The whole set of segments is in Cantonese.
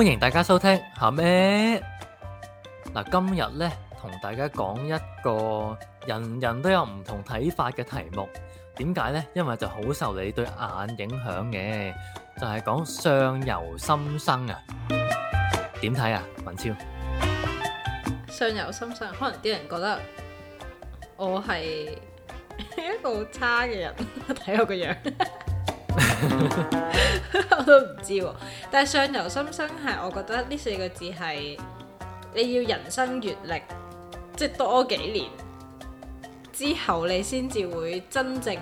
歡迎大家收聽吓咩？嗱，今日咧同大家講一個人人都有唔同睇法嘅題目點解咧？因為就好受你對眼影響嘅，就係講相由心生啊。點睇啊，文超？相由心生，可能啲人覺得我係一個好差嘅人，睇我個樣。 我都唔知喎、啊，但係相由心生係，我覺得呢四個字係你要人生閱歷，即係多幾年之後，你先至會真正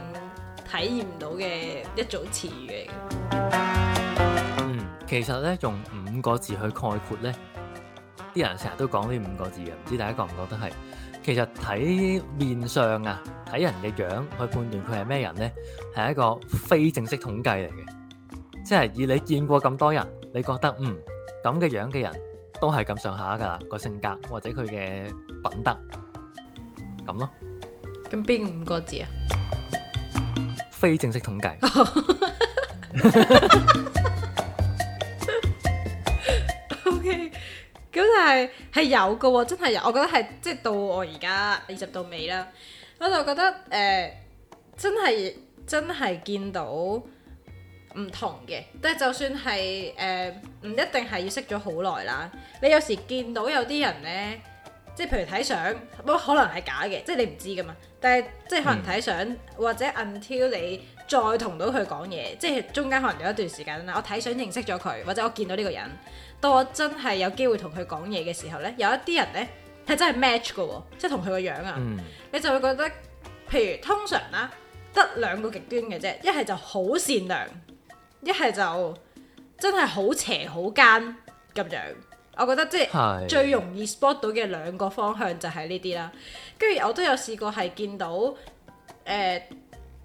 體驗到嘅一組詞語。嗯，其實咧用五個字去概括呢啲人成日都講呢五個字嘅，唔知大家覺唔覺得係？其實睇面相啊，睇人嘅樣去判斷佢係咩人呢？係一個非正式統計嚟嘅，即係以你見過咁多人，你覺得嗯咁嘅樣嘅人都係咁上下噶啦，個性格或者佢嘅品德，咁咯。咁邊五個字啊？非正式統計。 咁但係係有嘅喎、哦，真係有。我覺得係即係到我而家二十度尾啦，我就覺得誒、呃、真係真係見到唔同嘅。但係就算係誒唔一定係要識咗好耐啦。你有時見到有啲人呢，即係譬如睇相，不過可能係假嘅，即係你唔知㗎嘛。但係即係可能睇相，嗯、或者 until 你再同到佢講嘢，即係中間可能有一段時間啦。我睇相認識咗佢，或者我見到呢個人。當我真係有機會同佢講嘢嘅時候，呢有一啲人呢係真係 match 噶喎、哦，即係同佢個樣啊，嗯、你就會覺得，譬如通常啦，得兩個極端嘅啫，一係就好善良，一係就真係好邪好奸咁樣。我覺得即係是的 最容易 spot 到嘅兩個方向就係呢啲啦。跟住我都有試過係見到誒嗰、呃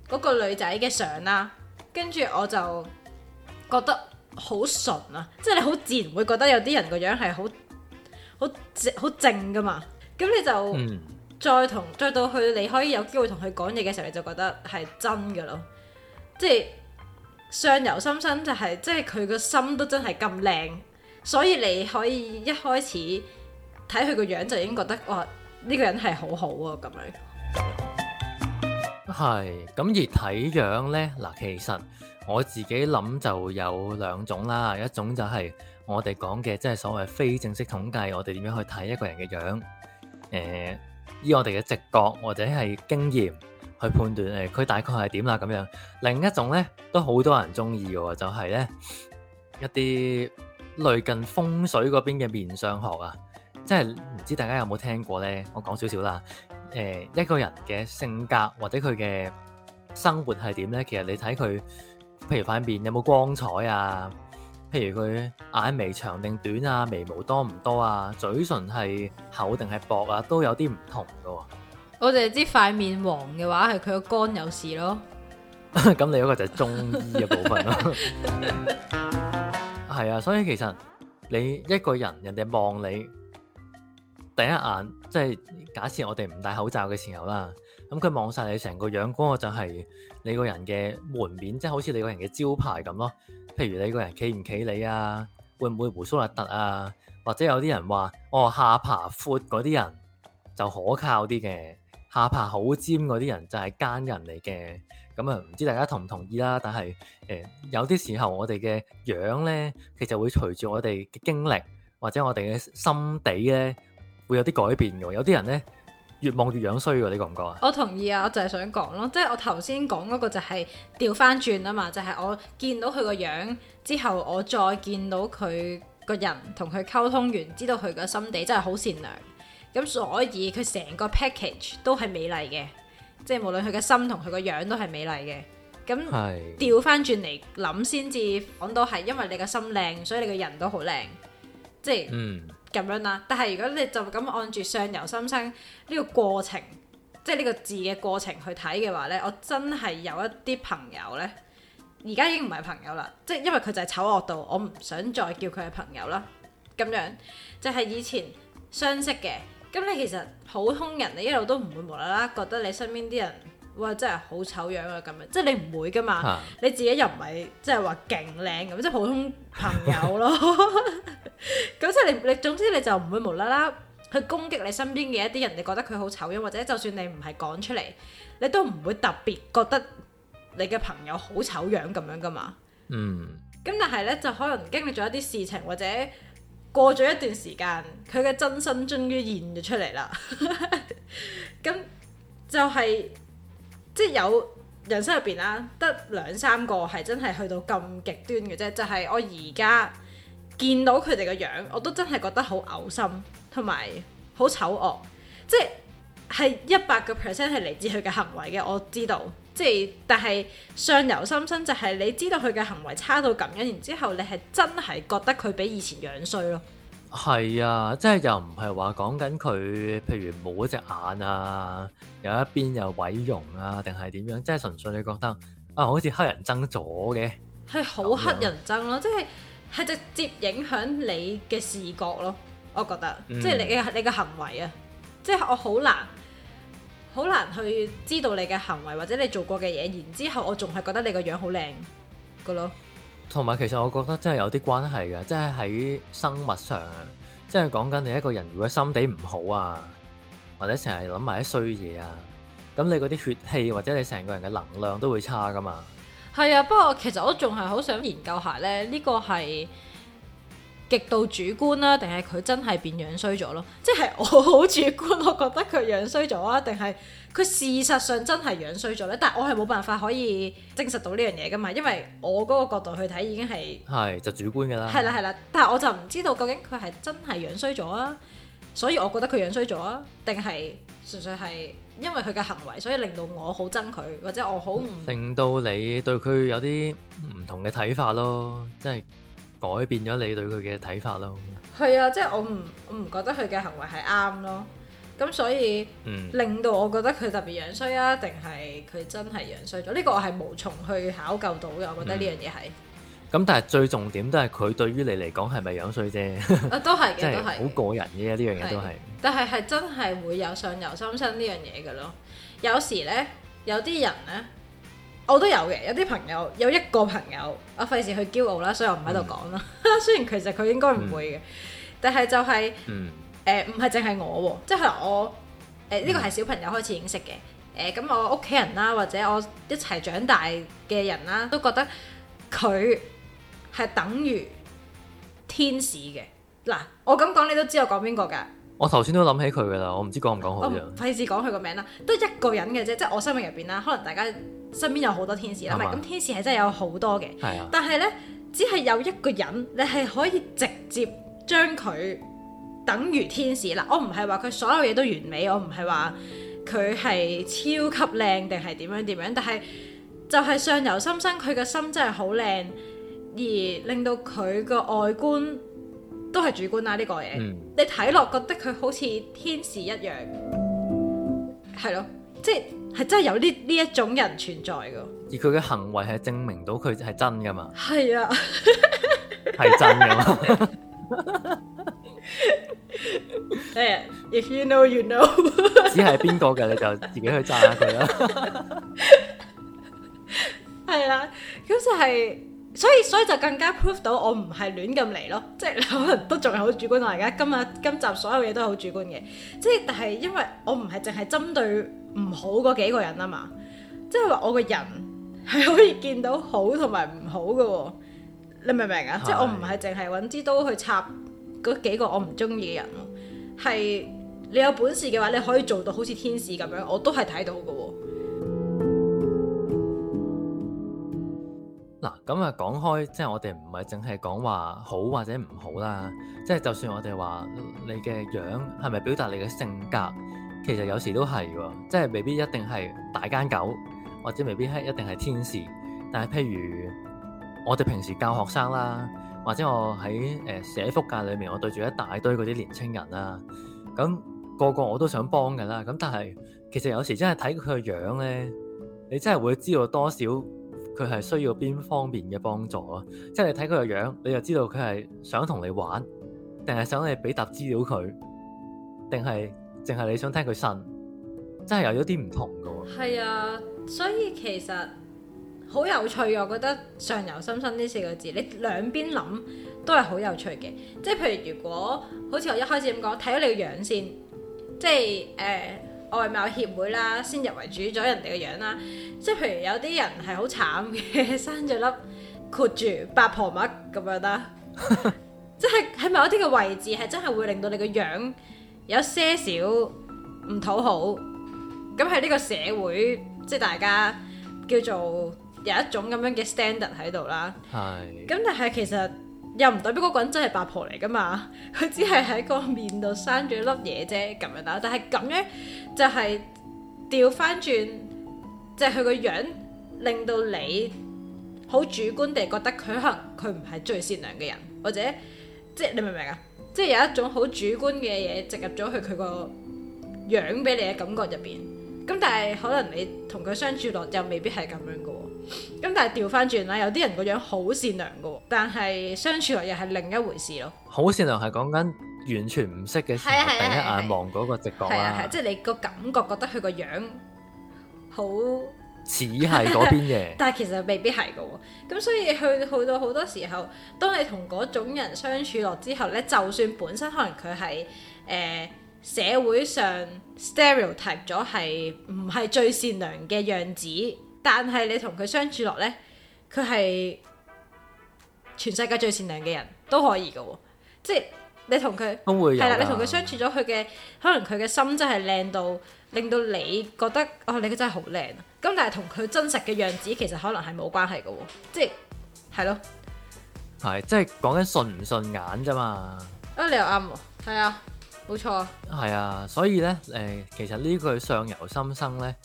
那個女仔嘅相啦，跟住我就覺得。好純啊，即係你好自然會覺得有啲人個樣係好好好正噶嘛，咁你就、嗯、再同再到去你可以有機會同佢講嘢嘅時候，你就覺得係真噶咯，即係相由心生就係、是、即係佢個心都真係咁靚，所以你可以一開始睇佢個樣就已經覺得哇呢、這個人係好好啊咁樣。係咁而睇樣呢，嗱，其實。我自己諗就有兩種啦，一種就係我哋講嘅，即係所謂非正式統計，我哋點樣去睇一個人嘅樣？誒，依我哋嘅直覺或者係經驗去判斷，誒，佢大概係點啦咁樣。另一種呢，都好多人中意嘅，就係呢一啲類近風水嗰邊嘅面相學啊，即係唔知大家有冇聽過呢？我講少少啦，誒，一個人嘅性格或者佢嘅生活係點呢？其實你睇佢。譬如塊面有冇光彩啊？譬如佢眼眉長定短啊，眉毛多唔多啊？嘴唇係厚定係薄啊？都有啲唔同噶。我哋知塊面黃嘅話，係佢個肝有事咯。咁 你嗰個就係中醫嘅部分咯。係啊，所以其實你一個人，人哋望你第一眼，即係假設我哋唔戴口罩嘅時候啦。咁佢望晒你成個樣，嗰個就係你個人嘅門面，即係好似你個人嘅招牌咁咯。譬如你個人企唔企你啊？會唔會鬍鬚核突啊？或者有啲人話：哦，下巴闊嗰啲人就可靠啲嘅，下巴好尖嗰啲人就係奸人嚟嘅。咁、嗯、啊，唔知大家同唔同意啦？但係誒、呃，有啲時候我哋嘅樣咧，其實會隨住我哋嘅經歷或者我哋嘅心地咧，會有啲改變嘅。有啲人咧。越望越樣衰喎！你、這個、覺唔覺啊？我同意啊！我就係想講咯，即係我頭先講嗰個就係調翻轉啊嘛，就係、是、我見到佢個樣之後，我再見到佢個人同佢溝通完，知道佢個心地真係好善良，咁所以佢成個 package 都係美麗嘅，即係無論佢嘅心同佢個樣都係美麗嘅。咁調翻轉嚟諗先至講到係因為你個心靚，所以你個人都好靚，即係。嗯咁樣啦，但係如果你就咁按住相由心生呢個過程，即係呢個字嘅過程去睇嘅話呢，我真係有一啲朋友呢，而家已經唔係朋友啦，即係因為佢就係醜惡到，我唔想再叫佢係朋友啦。咁樣就係、是、以前相識嘅，咁你其實普通人你一路都唔會無啦啦覺得你身邊啲人，哇真係好醜樣啊咁樣，即係你唔會噶嘛，啊、你自己又唔係即係話勁靚咁，即係普通朋友咯。 咁即係你，你總之你就唔會無啦啦去攻擊你身邊嘅一啲人，你覺得佢好醜樣，或者就算你唔係講出嚟，你都唔會特別覺得你嘅朋友好醜樣咁樣噶嘛。嗯。咁但係呢，就可能經歷咗一啲事情，或者過咗一段時間，佢嘅真身終於現咗出嚟啦。咁 就係即係有人生入邊啦，得兩三個係真係去到咁極端嘅啫，就係、是、我而家。見到佢哋嘅樣，我都真係覺得好嘔心，同埋好醜惡，即係係一百個 percent 係嚟自佢嘅行為嘅。我知道，即係但係相由心生，就係你知道佢嘅行為差到咁樣，然之後你係真係覺得佢比以前樣衰咯。係啊，即係又唔係話講緊佢，譬如冇一隻眼啊，有一邊有毀容啊，定係點樣？即係純粹你覺得啊，好似乞人憎咗嘅，係好乞人憎咯，即係。係直接影響你嘅視覺咯，我覺得，嗯、即係你嘅你嘅行為啊，即係我好難好難去知道你嘅行為或者你做過嘅嘢，然之後我仲係覺得你個樣好靚噶咯。同埋其實我覺得真係有啲關係嘅，即係喺生物上，即係講緊你一個人如果心地唔好啊，或者成日諗埋一衰嘢啊，咁你嗰啲血氣或者你成個人嘅能量都會差噶嘛。係啊，不過其實我仲係好想研究下咧，呢個係極度主觀啦，啊，定係佢真係變樣衰咗咯？即係我好主觀，我覺得佢樣衰咗啊，定係佢事實上真係樣衰咗咧？但係我係冇辦法可以證實到呢樣嘢噶嘛，因為我嗰個角度去睇已經係係就主觀噶啦，係啦係啦，但係我就唔知道究竟佢係真係樣衰咗啊，所以我覺得佢樣衰咗啊，定係純粹係。因為佢嘅行為，所以令到我好憎佢，或者我好唔令到你對佢有啲唔同嘅睇法咯，即係改變咗你對佢嘅睇法咯。係、嗯、啊，即係我唔我唔覺得佢嘅行為係啱咯，咁所以、嗯、令到我覺得佢特別樣衰啊，定係佢真係樣衰咗？呢、這個我係無從去考究到嘅，我覺得呢樣嘢係。嗯咁但係最重點都係佢對於你嚟講係咪樣衰啫？啊， 都係嘅，都係好個人嘅呢樣嘢都係。但係係真係會有相由心生呢樣嘢嘅咯。有時呢，有啲人呢，我都有嘅。有啲朋友，有一個朋友，我費事去驕傲啦，所以我唔喺度講啦。嗯、 雖然其實佢應該唔會嘅，嗯、但係就係誒唔係淨係我喎，即、就、係、是、我誒呢個係小朋友開始認識嘅。誒、呃、咁、呃、我屋企人啦，或者我一齊長大嘅人啦，都覺得佢。係等於天使嘅嗱，我咁講你都知我講邊個噶。我頭先都諗起佢噶啦，我唔知講唔講好嘅。費事講佢個名啦，都一個人嘅啫，即係我生命入邊啦。可能大家身邊有好多天使啦，咪咁嗎天使係真係有好多嘅，嗎但係呢，只係有一個人，你係可以直接將佢等於天使啦。我唔係話佢所有嘢都完美，我唔係話佢係超級靚定係點樣點樣，但係就係相由心生，佢嘅心真係好靚。而令到佢個外觀都係主觀啦，呢個嘢，你睇落覺得佢好似天使一樣，係咯、嗯，即係真係有呢呢一種人存在噶。而佢嘅行為係證明到佢係真噶嘛？係啊是的，係 真噶嘛。誒 ，If you know, you know 只。只係邊個嘅你就自己去讚下佢啦。係 啦，咁就係、是。所以所以就更加 prove 到我唔係亂咁嚟咯，即係你可能都仲係好主觀，我而家今日今集所有嘢都係好主觀嘅，即係但係因為我唔係淨係針對唔好嗰幾個人啊嘛，即係話我個人係可以見到好同埋唔好㗎喎，你明唔明啊？是即係我唔係淨係揾支刀去插嗰幾個我唔中意嘅人。係你有本事嘅話你可以做到好似天使咁樣，我都係睇到㗎喎。嗱咁啊，講開即係我哋唔係淨係講話好或者唔好啦，即係就算我哋話你嘅樣係咪表達你嘅性格，其實有時都係喎，即係未必一定係大間狗，或者未必係一定係天使。但係譬如我哋平時教學生啦，或者我喺誒社福界裏面，我對住一大堆嗰啲年青人啦，咁、那個個我都想幫㗎啦。咁但係其實有時真係睇佢個樣咧，你真係會知道多少。佢係需要邊方面嘅幫助咯，即係你睇佢個樣，你就知道佢係想同你玩，定係想你俾沓資料佢，定係淨係你想聽佢呻，真係有咗啲唔同噶喎。係啊，所以其實好有趣，我覺得「相由心生」呢四個字，你兩邊諗都係好有趣嘅。即係譬如如果好似我一開始咁講，睇咗你個樣先，即係誒。呃外貌協會啦，先入為主咗人哋嘅樣啦，即係譬如有啲人係好慘嘅，生咗粒括住八婆物咁樣啦，即係喺某啲嘅位置係真係會令到你個樣有些少唔討好，咁喺呢個社會即係大家叫做有一種咁樣嘅 standard 喺度啦，咁係但係其實。又唔代表嗰個人真係八婆嚟噶嘛？佢只係喺個面度生咗粒嘢啫咁樣啦。但係咁樣就係調翻轉，即係佢個樣令到你好主觀地覺得佢可能佢唔係最善良嘅人，或者即係、就是、你明唔明啊？即、就、係、是、有一種好主觀嘅嘢植入咗去佢個樣俾你嘅感覺入邊。咁但係可能你同佢相處落又未必係咁樣噶喎。咁但係調翻轉啦，有啲人個樣好善良噶，但係相處落又係另一回事咯。好善良係講緊完全唔識嘅時候，是是是是是第一眼望嗰個直覺。係啊，即係你個感覺覺得佢個樣好似係嗰邊嘅，邊 但係其實未必係噶。咁所以去去到好多時候，當你同嗰種人相處落之後呢，就算本身可能佢係誒社會上 stereotype 咗係唔係最善良嘅樣子。但係你同佢相處落呢，佢係全世界最善良嘅人都可以嘅。哦，即係你同佢係啦，你同佢相處咗，佢嘅可能佢嘅心真係靚到令到你覺得哦，你佢真係好靚啊！咁但係同佢真實嘅樣子其實可能係冇關係嘅。哦，即係係咯，係即係講緊順唔順眼啫嘛。啊，你又啱喎，係啊，冇錯。係啊，所以呢，誒、呃，其實呢句相由心生呢，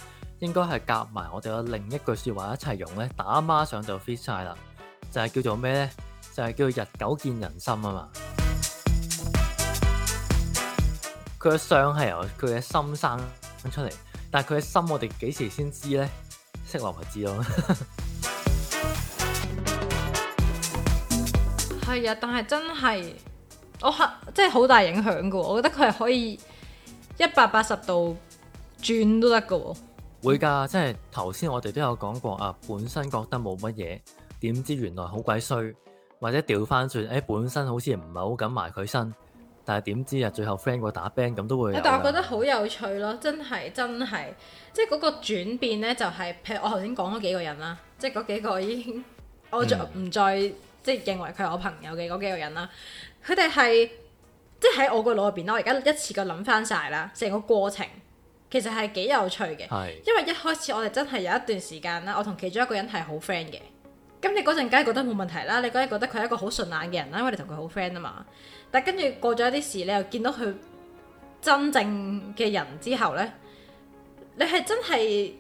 應該係夾埋我哋嘅另一句説話一齊用咧，打孖上就 fit 晒啦，就係叫做咩咧？就係叫做日久見人心啊嘛！佢嘅 相係由佢嘅心生出嚟，但係佢嘅心我， 我哋幾時先知咧？識落咪知咯。係啊，但係真係我係即係好大影響嘅喎，我覺得佢係可以一百八十度轉都得嘅喎。會㗎，即係頭先我哋都有講過啊，本身覺得冇乜嘢，點知原來好鬼衰，或者調翻轉，誒、哎、本身好似唔係好敢埋佢身，但係點知啊，最後 friend 過打 band 咁都會。但我覺得好有趣咯，真係真係，即係嗰個轉變呢，就係、是、譬如我頭先講咗幾個人啦，即係嗰幾個已經我再唔再、嗯、即係認為佢係我朋友嘅嗰幾個人啦，佢哋係即係喺我個腦入邊咯，我而家一次過諗翻晒啦，成個過程。其實係幾有趣嘅，是因為一開始我哋真係有一段時間啦，我同其中一個人係好 friend 嘅。咁你嗰陣梗係覺得冇問題啦，你梗係覺得佢係一個好順眼嘅人啦，因為你同佢好 friend 啊嘛。但跟住過咗一啲事，你又見到佢真正嘅人之後呢，你係真係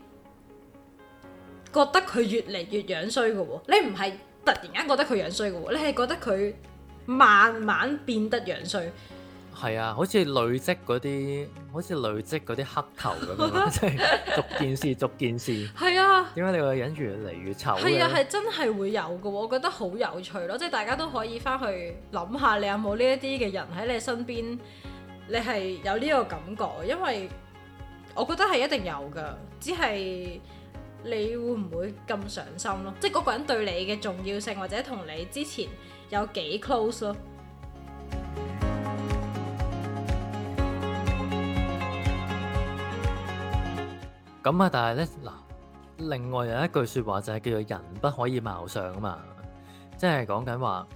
覺得佢越嚟越樣衰嘅喎。你唔係突然間覺得佢樣衰嘅喎，你係覺得佢慢慢變得樣衰。係啊，好似累積嗰啲，好似累積嗰啲黑頭咁樣，即係 逐件事，逐件事。係啊。點解你個人越嚟越醜？係啊，係真係會有㗎喎，我覺得好有趣咯，即係大家都可以翻去諗下，你有冇呢一啲嘅人喺你身邊，你係有呢個感覺，因為我覺得係一定有㗎，只係你會唔會咁上心咯？即係嗰個人對你嘅重要性，或者同你之前有幾 close 咯？咁啊！但係咧，嗱，另外有一句說話就係叫做人不可以貌相啊嘛，即係講緊話，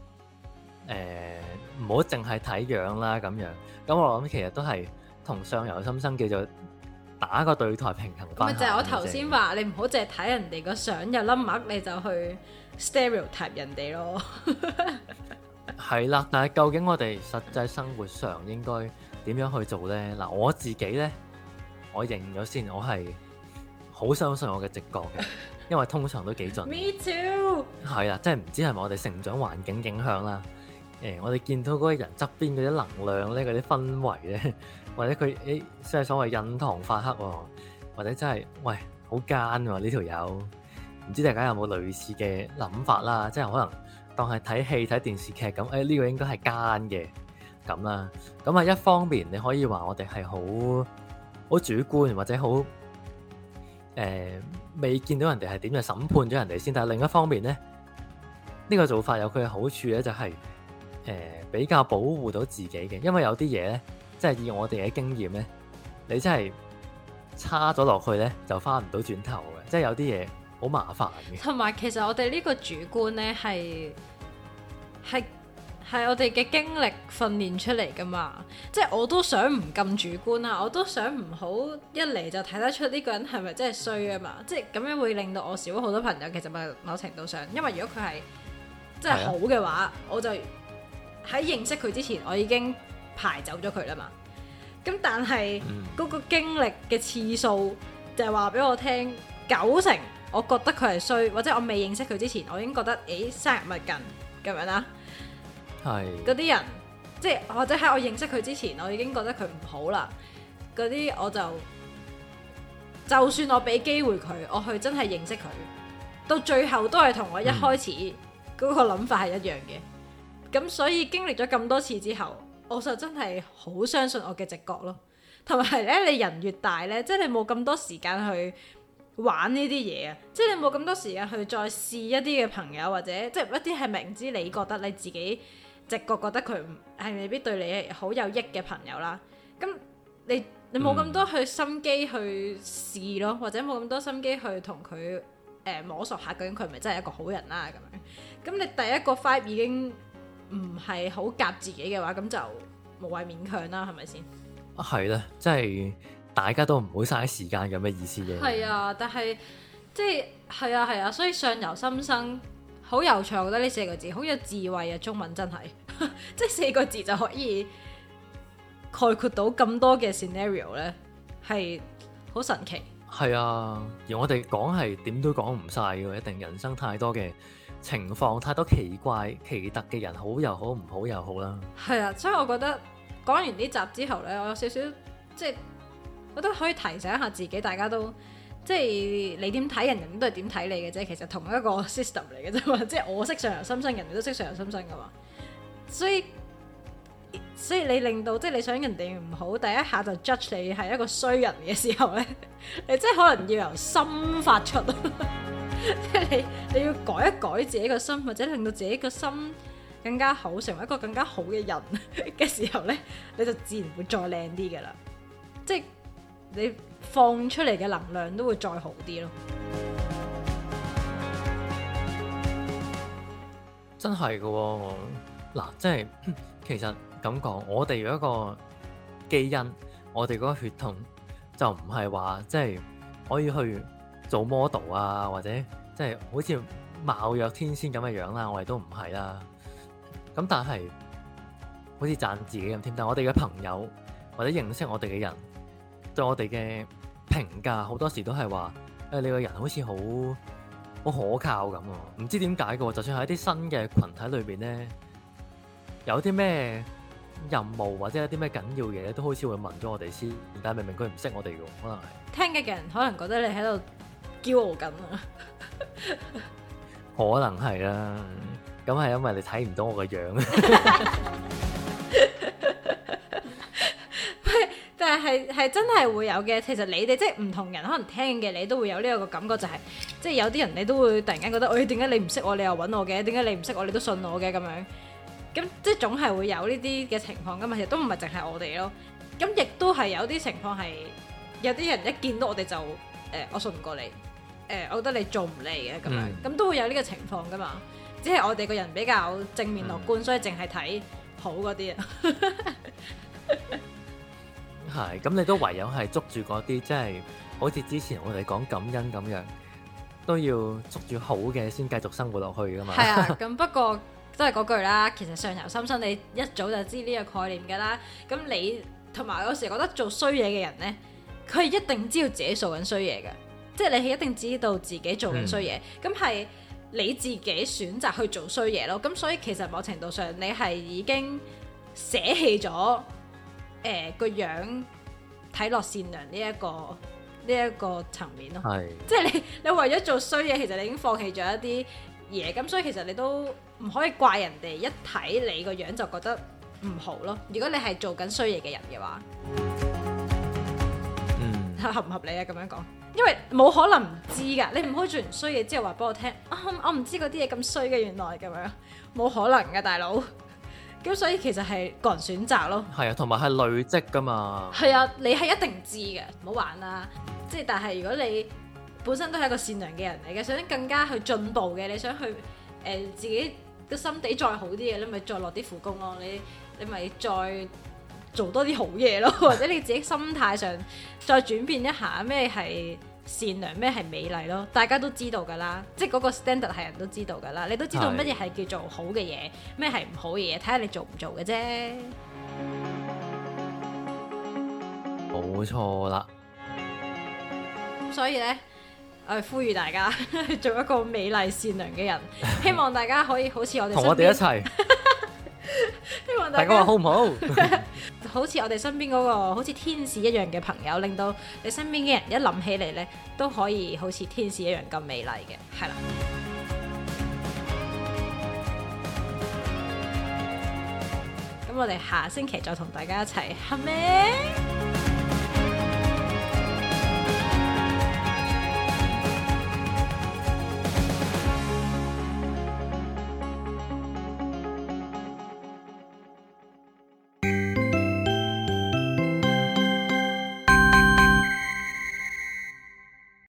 誒、呃，唔好淨係睇樣啦咁樣。咁我諗其實都係同相由心生，叫做打個對台平衡。咁咪就係我頭先話，你唔好淨係睇人哋個相有粒乜，你就去 stereotype 人哋咯。係 啦，但係究竟我哋實際生活上應該點樣去做咧？嗱，我自己咧，我認咗先，我係。好相信我嘅直覺嘅，因為通常都幾準。Me too 。係啦，即係唔知係咪我哋成長環境影響啦？誒、欸，我哋見到嗰個人側邊嗰啲能量咧、嗰啲氛圍咧，或者佢誒即係所謂印堂發黑、啊，或者真係喂好奸喎、啊！呢條友唔知大家有冇類似嘅諗法啦？即係可能當係睇戲睇電視劇咁，誒呢、欸呢個應該係奸嘅咁啦。咁係一方面你可以話我哋係好好主觀或者好。誒，未見、呃、到人哋係點樣審判咗人哋先，但係另一方面咧，呢個做法有佢嘅好處咧、就係，就係誒比較保護到自己嘅，因為有啲嘢咧，即係以我哋嘅經驗咧，你真係差咗落去咧，就翻唔到轉頭嘅，即係有啲嘢好麻煩嘅。同埋其實我哋呢個主觀咧係係。係我哋嘅經歷訓練出嚟噶嘛，即係我都想唔咁主觀啦，我都想唔好一嚟就睇得出呢個人係咪真係衰啊嘛，即係咁樣會令到我少好多朋友。其實咪某程度上，因為如果佢係即係好嘅話，啊、我就喺認識佢之前，我已經排走咗佢啦嘛。咁但係嗰、嗯、個經歷嘅次數就係話俾我聽，九成我覺得佢係衰，或者我未認識佢之前，我已經覺得誒、欸、生日咪近咁樣啦。係嗰啲人，即係或者喺我認識佢之前，我已經覺得佢唔好啦。嗰啲我就就算我俾機會佢，我去真係認識佢，到最後都係同我一開始嗰、嗯、個諗法係一樣嘅。咁所以經歷咗咁多次之後，我就真係好相信我嘅直覺咯。同埋咧，你人越大呢，即係你冇咁多時間去玩呢啲嘢啊，即係你冇咁多時間去再試一啲嘅朋友或者即係一啲係明知你覺得你自己。直覺覺得佢係未必對你好有益嘅朋友啦，咁你你冇咁多心機去心機去試咯，嗯、或者冇咁多心機去同佢誒摸索下究竟佢係咪真係一個好人啦咁樣，咁你第一個 five 已經唔係好夾自己嘅話，咁就無謂勉強啦，係咪先？係啦、啊，即係大家都唔好嘥時間咁嘅意思嘅。係啊，但係即係係啊係啊，所以相由心生，好悠長，覺得呢四個字好有智慧啊！中文真係。 即係四個字就可以概括到咁多嘅 scenario 咧，係好神奇。係啊，而我哋講係點都講唔晒嘅，一定人生太多嘅情況，太多奇怪奇特嘅人，好又好唔好又好啦。係啊，所以我覺得講完呢集之後咧，我有少少即係，我都可以提醒一下自己，大家都即係你點睇人，人都係點睇你嘅啫。其實同一個 system 嚟嘅啫嘛，即係我識相由心生，人哋都識相由心生噶嘛。所以，所以你令到即係你想人哋唔好，第一下就 judge 你係一個衰人嘅時候咧，你即係可能要由心發出，即係你你要改一改自己個心，或者令到自己個心更加好，成為一個更加好嘅人嘅時候咧，你就自然會再靚啲噶啦，即係你放出嚟嘅能量都會再好啲咯，真係噶喎。嗱，即係其實咁講，我哋嗰個基因，我哋嗰個血統就唔係話即係可以去做 model 啊，或者即係好似貌若天仙咁嘅樣啦，我哋都唔係啦。咁但係好似讚自己咁添，但係我哋嘅朋友或者認識我哋嘅人，對我哋嘅評價好多時都係話，誒、哎、你個人好似好好可靠咁啊！唔知點解嘅，就算喺啲新嘅群體裏邊咧。有啲咩任務或者有啲咩緊要嘢咧，都開始會問咗我哋先，但明明佢唔識我哋嘅，可能係聽嘅人可能覺得你喺度驕傲緊啊，可能係啦，咁係因為你睇唔到我嘅樣。喂，但係係真係會有嘅。其實你哋即係唔同人，可能聽嘅你都會有呢個感覺，就係即係有啲人你都會突然間覺得，哎，點解你唔識我，你又搵我嘅？點解你唔識我，你都信我嘅咁樣。咁即係總係會有呢啲嘅情況噶嘛，其實都唔係淨係我哋咯咁亦都係有啲情況係有啲人一見到我哋就誒、呃，我信唔過你，誒、呃，我覺得你做唔嚟嘅咁樣，咁、嗯、都會有呢個情況噶嘛。只係我哋個人比較正面樂觀，嗯、所以淨係睇好嗰啲。係 咁，你都唯有係捉住嗰啲，即、就、係、是、好似之前我哋講感恩咁樣，都要捉住好嘅先繼續生活落去噶嘛。係 啊，咁不過。都係嗰句啦，其實相由心生，你一早就知呢個概念嘅啦。咁你同埋有時覺得做衰嘢嘅人呢，佢一定知道自己做緊衰嘢嘅，即係你係一定知道自己做緊衰嘢。咁係、嗯、你自己選擇去做衰嘢咯。咁所以其實某程度上你係已經捨棄咗誒個樣睇落善良呢一個呢一個層面咯。係，即係你你為咗做衰嘢，其實你已經放棄咗一啲嘢。咁所以其實你都。唔可以怪人哋，一睇你個樣就覺得唔好咯。如果你係做緊衰嘢嘅人嘅話，嗯，合唔合理啊？咁樣講，因為冇可能唔知噶，你唔可以做完衰嘢之後話俾我聽、啊，我唔知嗰啲嘢咁衰嘅，原來咁樣，冇可能嘅，大佬。咁 所以其實係個人選擇咯，係啊，同埋係累積噶嘛，係啊，你係一定知嘅，唔好玩啦。即係但係如果你本身都係一個善良嘅人嚟嘅，想更加去進步嘅，你想去誒、呃、自己。個心地再好啲嘅，你咪再落啲苦工咯，你你咪再做多啲好嘢咯，或者你自己心態上再轉變一下，咩係善良，咩係美麗咯，大家都知道噶啦，即係嗰個 standard 係人都知道噶啦，你都知道乜嘢係叫做好嘅嘢，咩係唔好嘅嘢，睇下你做唔做嘅啫。冇錯啦，所以呢。去呼籲大家做一個美麗善良嘅人，希望大家可以好似我哋同我哋一齊。 希望大家話好唔好？ 好似我哋身邊嗰、嗰個好似天使一樣嘅朋友，令到你身邊嘅人一諗起嚟呢，都可以好似天使一樣咁美麗嘅，係啦。咁我哋下星期再同大家一齊，好唔